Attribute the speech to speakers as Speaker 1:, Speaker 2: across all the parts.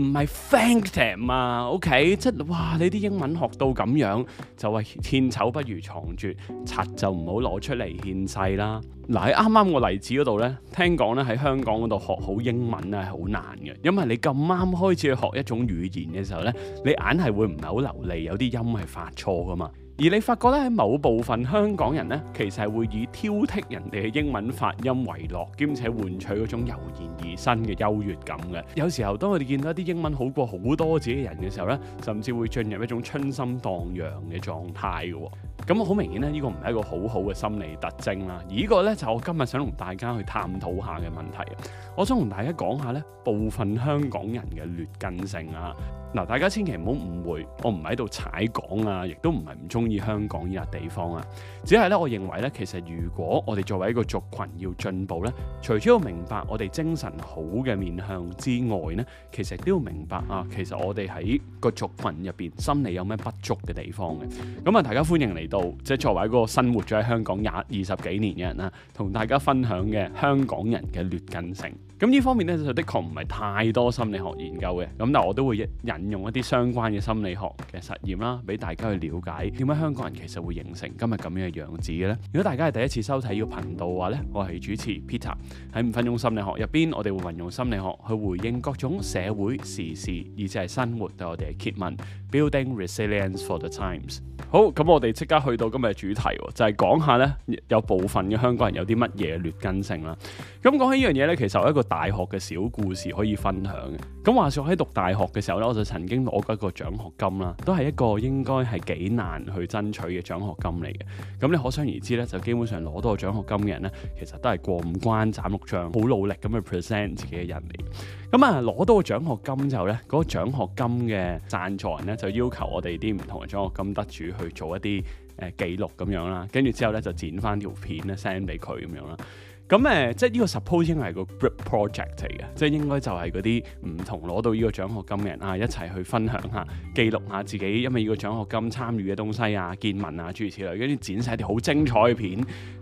Speaker 1: 唔係 thank them 啊，OK，即係哇，你啲英文學到咁樣，就話獻醜不如藏拙，拆就唔好攞出嚟獻世啦。嗱喺啱啱個例子嗰度呢，聽講咧喺香港嗰度學好英文呢係好難嘅，因為你咁啱開始去學一種語言嘅時候呢，你硬係會唔係好流利，有啲音係發錯㗎嘛。而你發覺呢，喺某部分香港人呢，其實係會以挑剔人哋嘅英文發音為樂，兼且換取嗰種油然而生嘅優越感嘅。有時候當我哋見到啲英文好過好多自己的人嘅時候呢，甚至會進入一種春心盪漾嘅狀態嘅。咁好明顯咧，呢、這個唔係一個好好嘅心理特徵啦、啊。而呢個呢，就是、我今日想同大家去探討下嘅問題、啊。我想同大家講下呢部分香港人嘅劣根性啊。嗱，大家千祈唔好誤會，我唔係喺度踩港啊，亦都唔係唔中意香港呢笪地方啊。只係呢，我認為呢，其實如果我哋作為一個族群要進步呢，除咗要明白我哋精神好嘅面向之外呢，其實都要明白啊，其實我哋喺個族群入邊心理有咩不足嘅地方嘅。咁、嗯、啊，大家歡迎嚟。到即係作為一個生活咗喺香港廿二十幾年嘅人啦，同大家分享嘅香港人嘅劣根性。咁呢方面咧就的確唔係太多心理學研究嘅。咁但我都會引用一啲相關嘅心理學嘅實驗啦，俾大家去了解點解香港人其實會形成今日咁樣嘅樣子嘅咧。如果大家係第一次收睇呢個頻道嘅話咧，我係主持 Peter 喺五分鐘心理學入邊，我哋會運用心理學去回應各種社會時事，以及係生活對我哋嘅詰問，Building resilience for the times。好，咁我哋即刻。去到今日嘅主題，就係講下呢，有部分嘅香港人有啲乜嘢劣根性啦。咁講起呢樣嘢呢，其實我有一個大學嘅小故事可以分享嘅。咁話說喺讀大學嘅時候呢，我就曾經攞過一個獎學金啦，都係一個應該係幾難去爭取嘅獎學金嚟嘅。咁你可想而知呢，就基本上攞到個獎學金嘅人呢，其實都係過五關斬六將，好努力咁去 present 自己嘅人嚟。咁啊，攞到獎、那個獎學金之後咧，嗰個獎學金嘅贊助人咧，就要求我哋啲唔同嘅獎學金得主去做一啲誒記錄咁樣啦，跟住之後咧就剪翻條片咧 send 俾佢咁樣啦。咁誒、呃，即係呢個 supposing 係個 group project 嚟嘅，即係應該就係嗰啲唔同攞到呢個獎學金嘅人啊，一齊去分享下，記錄下自己因為呢個獎學金參與嘅東西啊、見聞啊諸如此類，跟住展示啲好精彩嘅片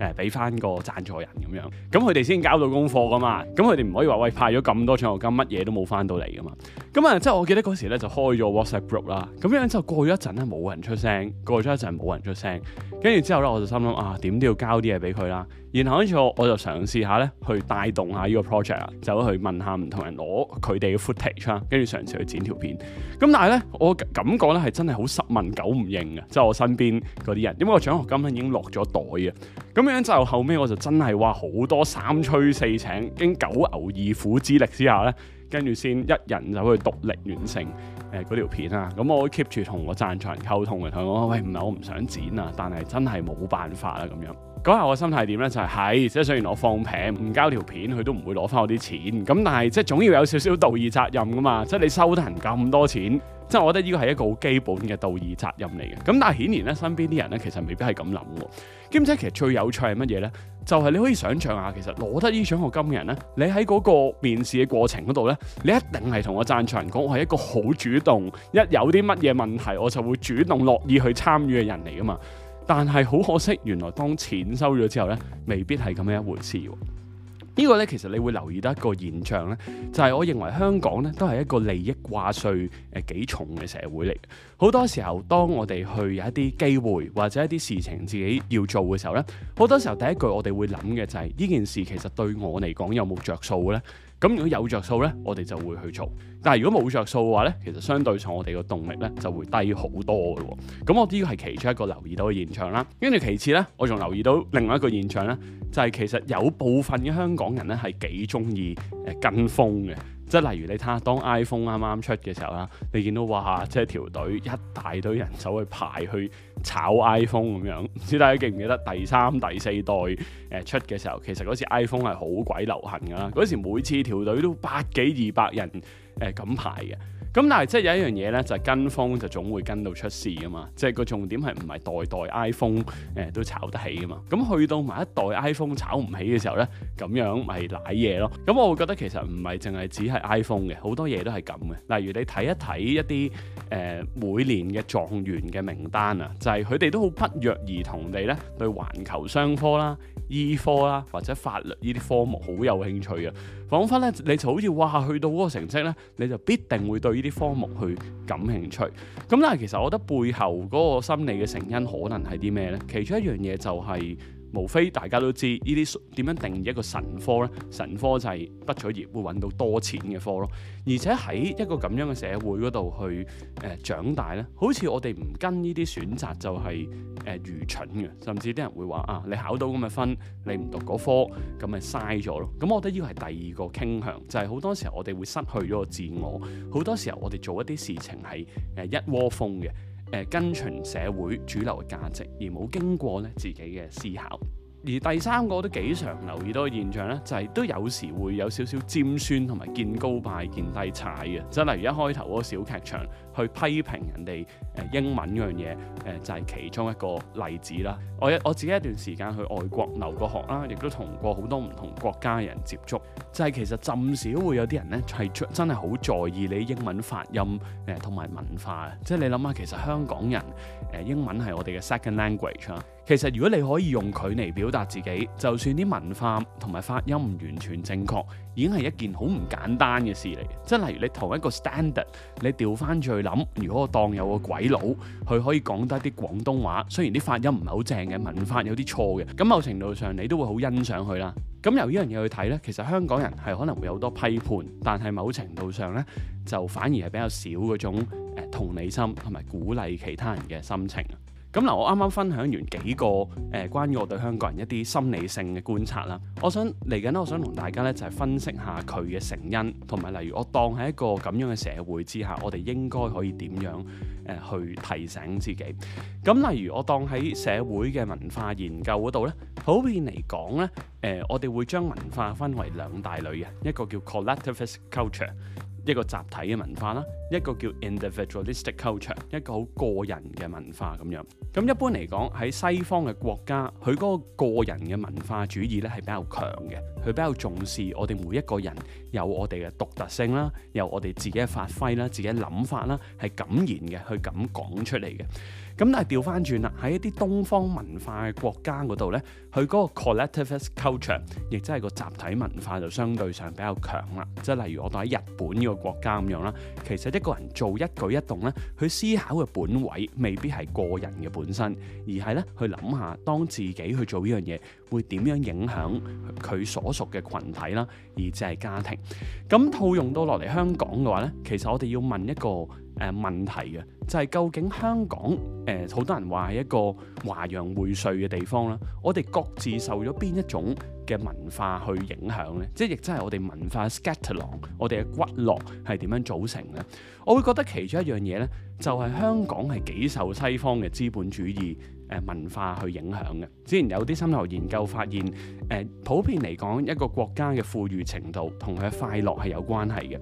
Speaker 1: 誒，俾、呃、翻個贊助人咁樣。咁佢哋先搞到功課噶嘛，咁佢哋唔可以話喂，派咗咁多獎學金，乜嘢都冇翻到嚟噶嘛。咁啊，即係、嗯就是、我記得嗰時咧就開咗 WhatsApp group 啦。咁樣之後過咗一陣咧冇人出聲，過咗一陣冇人出聲，跟住之後咧我就心諗啊，點都要交啲嘢俾佢啦。然後跟住我我就嘗試下咧去帶動下呢個 project，啊，走去問下唔同人攞佢哋嘅 footage 啦。跟住嘗試去剪條片。咁但係咧，我感覺咧係真係好十問九唔應啊。即、就、係、是、我身邊嗰啲人，因為我獎學金咧已經落咗袋啊。咁樣就後尾，我就真係話好多三催四請，經九牛二虎之力之下咧。跟住先一人就去獨立完成誒嗰、呃、條片啊！咁、嗯、我會 keep 住同個贊助人溝通嘅，同我講：喂，唔係我唔想剪啊，但係真係冇辦法啦咁樣。嗰下我心態點咧？就係、是、係，即、哎、係雖然我放平唔交條片，佢都唔會攞翻我啲錢。咁但係即係總要有少少道義責任㗎嘛！即係你收得人咁多錢。即係我覺得呢個係一個好基本嘅道義責任嚟嘅，咁但係顯然咧，身邊啲人咧其實未必係咁諗喎。兼且其實最有趣係乜嘢咧？就係你可以想象下，其實攞得呢獎學金嘅人咧，你喺嗰個面試嘅過程嗰度咧，你一定係同個贊助人講我係一個好主動，一有啲乜嘢問題我就會主動樂意去參與嘅人嚟㗎嘛。但係好可惜，原來當錢收咗之後咧，未必係咁樣一回事。個呢個咧，其實你會留意到一個現象咧，就係、是、我認為香港咧都係一個利益掛帥誒幾重嘅社會嚟。好多時候，當我哋去有一啲機會或者一啲事情自己要做嘅時候呢，好多時候第一句我哋會諗嘅就係，呢件事其實對我嚟講有冇着數呢？咁如果有着數呢，我哋就會去做。但係如果冇着數嘅話呢，其實相對上我哋嘅動力呢就會低好多嘅喎。咁我呢個係其中一個留意到嘅現象啦。跟住其次呢，我仲留意到另外一個現象呢，就係，其實有部分嘅香港人呢係幾鍾意誒跟風嘅。即係例如你睇下，當 iPhone 啱啱出嘅時候啦，你見到哇，即係條隊一大堆人走去排去炒 iPhone 咁樣。唔知大家記唔記得第三、第四代誒、呃、出嘅時候，其實嗰時 iPhone 係好鬼流行㗎啦。嗰時每次條隊都百幾、二百人誒咁、呃、排嘅。咁但係即係有一樣嘢咧，就係、是、跟風就總會跟到出事㗎嘛，即係個重點係唔係代代 iPhone 誒、呃、都炒得起㗎嘛？咁去到埋一代 iPhone 炒唔起嘅時候咧，咁樣咪瀨嘢咯。咁我會覺得其實唔係淨係只係 iPhone 嘅，好多嘢都係咁嘅。例如你睇一睇一啲誒、呃、每年嘅狀元嘅名單啊，就係佢哋都好不約而同地咧對環球商科啦。醫科啦，或者法律呢啲科目好有興趣嘅，彷彿咧你就好似哇去到嗰個成績咧，你就必定會對呢啲科目去感興趣。咁但係其實我覺得背後嗰個心理嘅成因可能係啲咩呢？其中一樣嘢就係。無非大家都知呢啲點樣定義一個神科呢？神科就係畢咗業會揾到多錢嘅科咯。而且喺一個咁樣嘅社會嗰度去誒、呃、長大呢，好似我哋唔跟呢啲選擇就係、是、誒、呃、愚蠢嘅。甚至啲人會話啊，你考到咁嘅分，你唔讀嗰科咁咪嘥咗咯。咁我覺得呢個係第二個傾向，就係、是、好多時候我哋會失去咗個自我。好多時候我哋做一啲事情係誒一窩蜂嘅。誒跟隨社會主流嘅價值，而冇經過咧自己嘅思考。而第三個我都幾常留意到嘅現象呢就係、是、都有時會有少少尖酸同埋見高拜見低踩嘅，即係例如一開頭嗰個小劇場去批評人哋誒英文嗰樣嘢，誒、呃、就係、是、其中一個例子啦。我我自己一段時間去外國留過學啦，亦都同過好多唔同國家人接觸，就係、是、其實甚少會有啲人咧係真係好在意你英文發音誒同埋文化，即係、就是、你諗下，其實香港人誒、呃、英文係我哋嘅 second language 其實如果你可以用佢嚟表達自己，就算啲文法同埋發音唔完全正確，已經係一件好唔簡單嘅事嚟。即係例如你同一個 standard，你調翻轉去諗，如果我當有個鬼佬，佢可以講得啲廣東話，雖然啲發音唔係好正嘅，文法有啲錯嘅，咁某程度上你都會好欣賞佢啦。咁由呢樣嘢去睇呢，其實香港人係可能會有好多批判，但係某程度上呢，就反而係比較少嗰種誒同理心同埋鼓勵其他人嘅心情。咁嗱、嗯，我啱啱分享完幾個誒、呃、關於我對香港人一啲心理性嘅觀察啦，我想嚟緊咧，我想同大家咧就係、是、分析下佢嘅成因，同埋例如我當喺一個咁樣嘅社會之下，我哋應該可以點樣誒、呃、去提醒自己？咁、嗯、例如我當喺社會嘅文化研究嗰度咧，普遍嚟講咧，誒、呃、我哋會將文化分為兩大類嘅，一個叫 Collectivist Culture。一個集體嘅文化啦，一個叫 individualistic culture，一個好個人嘅文化咁樣。咁一般嚟講，喺西方嘅國家，佢嗰個個人嘅文化主義咧係比較強嘅，佢比較重視我哋每一個人有我哋嘅獨特性啦，有我哋自己嘅發揮啦，自己嘅諗法啦，係敢言嘅，去敢講出嚟嘅。咁但係調翻轉啦，喺一啲東方文化嘅國家嗰度呢，佢嗰個 collectivist culture，亦即係個集體文化就相對上比較強啦。即係例如我哋喺日本呢個國家咁樣啦，其實一個人做一舉一動呢，佢思考嘅本位未必係個人嘅本身，而係呢，去諗下當自己去做呢樣嘢會點樣影響佢所屬嘅群體啦，而即係家庭。咁套用到落嚟香港嘅話呢，其實我哋要問一個。誒問題嘅就係、是、究竟香港誒好、呃、多人話係一個華洋匯萃嘅地方啦，我哋各自受咗邊一種嘅文化去影響咧？即係亦都係我哋文化嘅 scattering，我哋嘅骨骼係點樣組成咧？我會覺得其中一樣嘢呢，就係、是、香港係幾受西方嘅資本主義誒文化去影響嘅。之前有啲心理學研究發現，誒、呃、普遍嚟講，一個國家嘅富裕程度同佢嘅快樂係有關係嘅。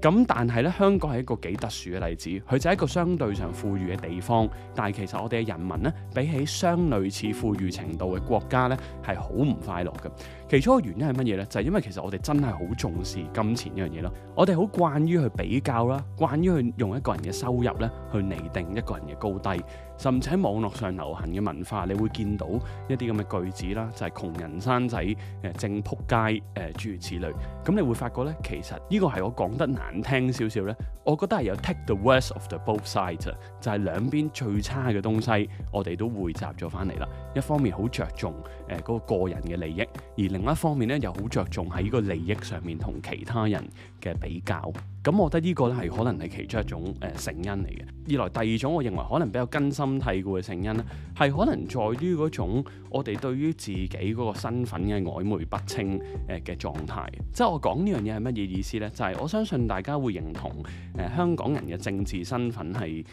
Speaker 1: 咁但係呢，香港係一個幾特殊嘅例子，佢就係一個相對上富裕嘅地方，但係其實我哋嘅人民呢，比起相類似富裕程度嘅國家呢，係好唔快樂嘅。其中一個原因係乜嘢呢？就係、是、因為其實我哋真係好重視金錢呢樣嘢咯，我哋好慣於去比較啦，慣於去用一個人嘅收入咧去擬定一個人嘅高低，甚至喺網絡上流行嘅文化，你會見到一啲咁嘅句子啦，就係、是、窮人生仔誒正撲街誒、呃、諸如此類。咁、嗯、你會發覺呢，其實呢、這個係我講得難聽少少呢。我覺得係有 take the worst of the both sides，就係兩邊最差嘅東西我哋都匯集咗翻嚟啦。一方面好着重誒嗰個個人嘅利益，而另一方面咧，又好着重喺呢個利益上面同其他人嘅比較。咁我覺得個呢個咧係可能係其中一種誒成、呃、因嚟嘅。二來第二種，我認為可能比較根深蒂固嘅成因咧，係可能在於嗰種我哋對於自己嗰個身份嘅曖昧不清誒嘅狀態。即係我講呢樣嘢係乜嘢意思呢？就係、是、我相信大家會認同誒、呃、香港人嘅政治身份係誒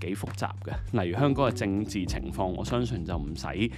Speaker 1: 幾複雜嘅。例如香港嘅政治情況，我相信就唔使誒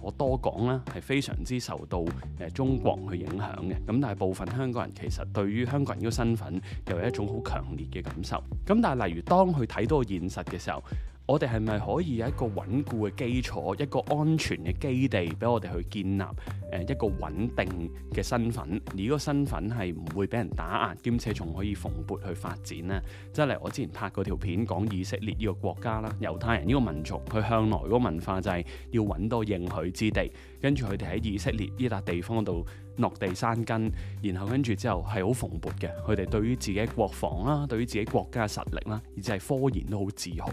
Speaker 1: 我多講啦，係非常之受到誒、呃、中國去影響嘅。咁但係部分香港人其實對於香港人嗰個身份又一種好強烈嘅感受，咁但係例如當佢睇到現實嘅時候，我哋係咪可以有一個穩固嘅基礎，一個安全嘅基地，俾我哋去建立誒一個穩定嘅身份，而嗰個身份係唔會俾人打壓，兼且仲可以蓬勃去發展呢？即係嚟我之前拍過條片講以色列呢個國家啦，猶太人呢個民族，佢向來嗰個文化就係要揾到應許之地。跟住佢哋喺以色列呢笪地方度落地生根，然後跟住之後係好蓬勃嘅。佢哋對於自己國防啦、啊，對於自己國家實力啦、啊，以至係科研都好自豪。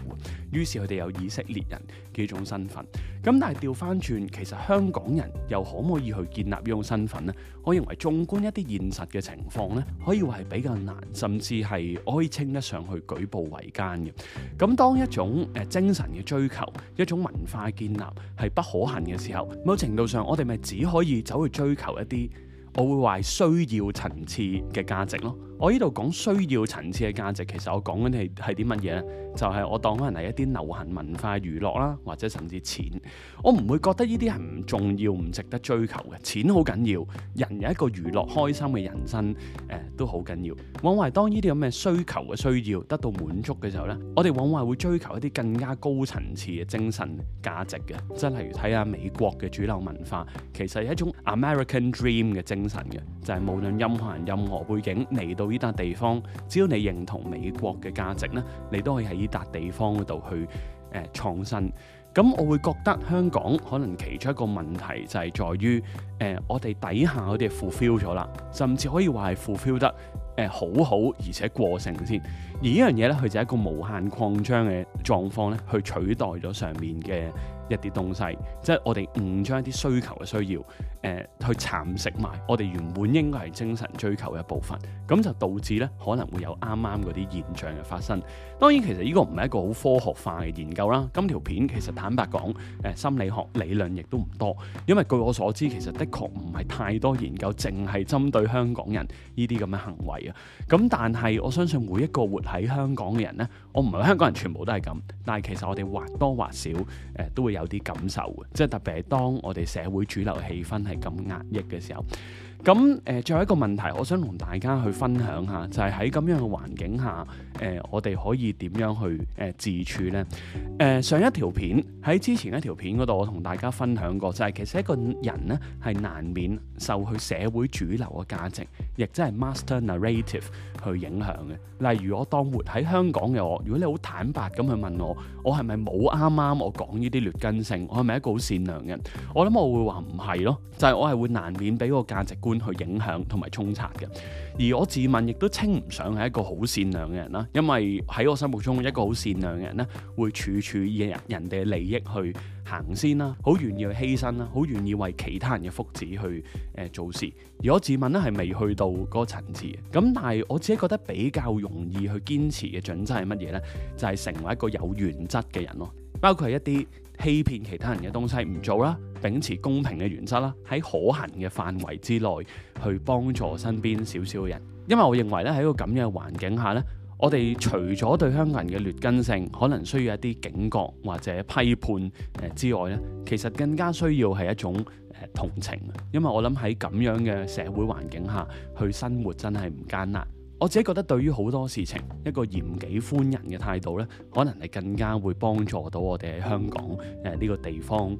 Speaker 1: 於是佢哋有以色列人幾種身份。咁但係調翻轉，其實香港人又可唔可以去建立呢種身份咧？我認為縱觀一啲現實嘅情況咧，可以話係比較難，甚至係我可以稱得上去舉步維艱嘅。咁當一種誒精神嘅追求，一種文化建立係不可行嘅時候，某程度上，我哋咪只可以走去追求一啲我會話需要層次嘅價值咯。我呢度講需要層次嘅價值，其實我講緊係係啲乜嘢呢？就係、是、我當可能係一啲流行文化、娛樂啦，或者甚至錢。我唔會覺得呢啲係唔重要、唔值得追求嘅。錢好緊要，人有一個娛樂、開心嘅人生，誒、欸、都好緊要。往往當呢啲咁嘅需求嘅需要得到滿足嘅時候呢，我哋往往會追求一啲更加高層次嘅精神價值嘅。即係例如睇下美國嘅主流文化，其實係一種 American Dream 嘅精神嘅，就係、是、無論任何人、任何背景嚟到。呢笪地方，只要你認同美國嘅價值咧，你都可以喺呢笪地方度去誒、呃、創新。咁我會覺得香港可能其中一個問題就係在於誒、呃，我哋底下啲係 fulfill 咗啦，甚至可以話係 fulfill 得誒、呃、好好，而且過剩先。而呢樣嘢咧，佢就係一個無限擴張嘅狀況咧，去取代咗上面嘅一啲東西，即係我哋誤將一啲需求嘅需要，誒、呃、去蠶食埋我哋原本應該係精神追求嘅一部分，咁就導致呢可能會有啱啱嗰啲現象嘅發生。當然，其實呢個唔係一個好科學化嘅研究啦。今條片其實坦白講，誒、呃、心理學理論亦都唔多，因為據我所知，其實的確唔係太多研究，淨係針對香港人呢啲咁嘅行為啊。咁但係我相信每一個活喺香港嘅人呢，我唔係香港人全部都係咁，但係其實我哋或多或少誒、呃、都會。有啲感受，即係特別係當我哋社會主流氣氛係咁壓抑嘅時候。咁誒、呃，最後一個問題，我想同大家去分享下，就係喺咁樣嘅環境下，誒、呃，我哋可以點樣去誒、呃、自處呢？誒、呃，上一條片喺之前一條片嗰度，我同大家分享過，就係、是、其實一個人呢，係難免受佢社會主流嘅價值，亦即係 master narrative 去影響嘅。例如我當活喺香港嘅我，如果你好坦白咁去問我，我係咪冇啱啱我講呢啲劣根性？我係咪一個好善良嘅人？我諗我會話唔係咯，就係、是、我係會難免俾個價值。去影響同埋衝刷嘅，而我自問亦都稱唔上係一個好善良嘅人啦。因為喺我心目中，一個好善良嘅人呢，會處處以人人哋嘅利益去行先啦，好願意去犧牲啦，好願意為其他人嘅福祉去誒、呃、做事。而我自問呢，係未去到嗰個層次嘅。咁但係我自己覺得比較容易去堅持嘅準則係乜嘢呢？就係、係、成為一個有原則嘅人咯，包括一啲欺騙其他人嘅東西唔做啦，秉持公平嘅原則啦，喺可行嘅範圍之內去幫助身邊少少人。因為我認為咧，喺一個咁樣嘅環境下呢，我哋除咗對香港人嘅劣根性可能需要一啲警覺或者批判誒之外呢，其實更加需要係一種誒同情。因為我諗喺咁樣嘅社會環境下去生活真係唔艱難。我自己覺得對於好多事情，一個嚴己寬人嘅態度咧，可能係更加會幫助到我哋喺香港誒呢、呃這個地方誒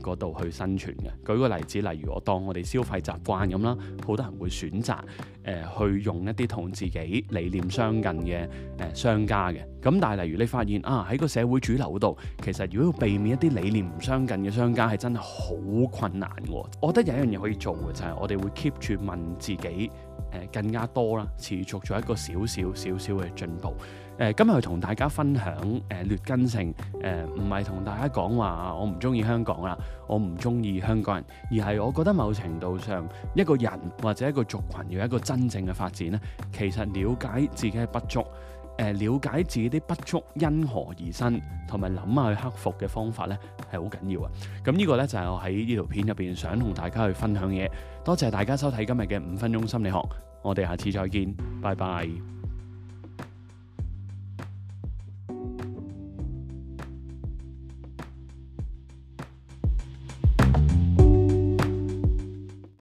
Speaker 1: 嗰度去生存嘅。舉個例子，例如我當我哋消費習慣咁啦，好多人會選擇誒、呃、去用一啲同自己理念相近嘅誒、呃、商家嘅。咁但係例如你發現啊，喺個社會主流度，其實如果要避免一啲理念唔相近嘅商家，係真係好困難嘅。我覺得有一樣嘢可以做嘅就係、是、我哋會 keep 住問自己。呃、更加多啦，持續咗一個少少少少嘅進步。誒、呃、今日同大家分享誒、呃、劣根性，誒唔係同大家講話我唔中意香港啦，我唔中意香港人，而係我覺得某程度上一個人或者一個族群要一個真正嘅發展咧，其實了解自己嘅不足。誒了解自己啲不足因何而生，同埋諗下去克服嘅方法呢，係好緊要啊！咁呢個呢，就係我喺呢條片入邊想同大家去分享嘅嘢。多謝大家收睇今日嘅五分鐘心理學，我哋下次再見，拜拜。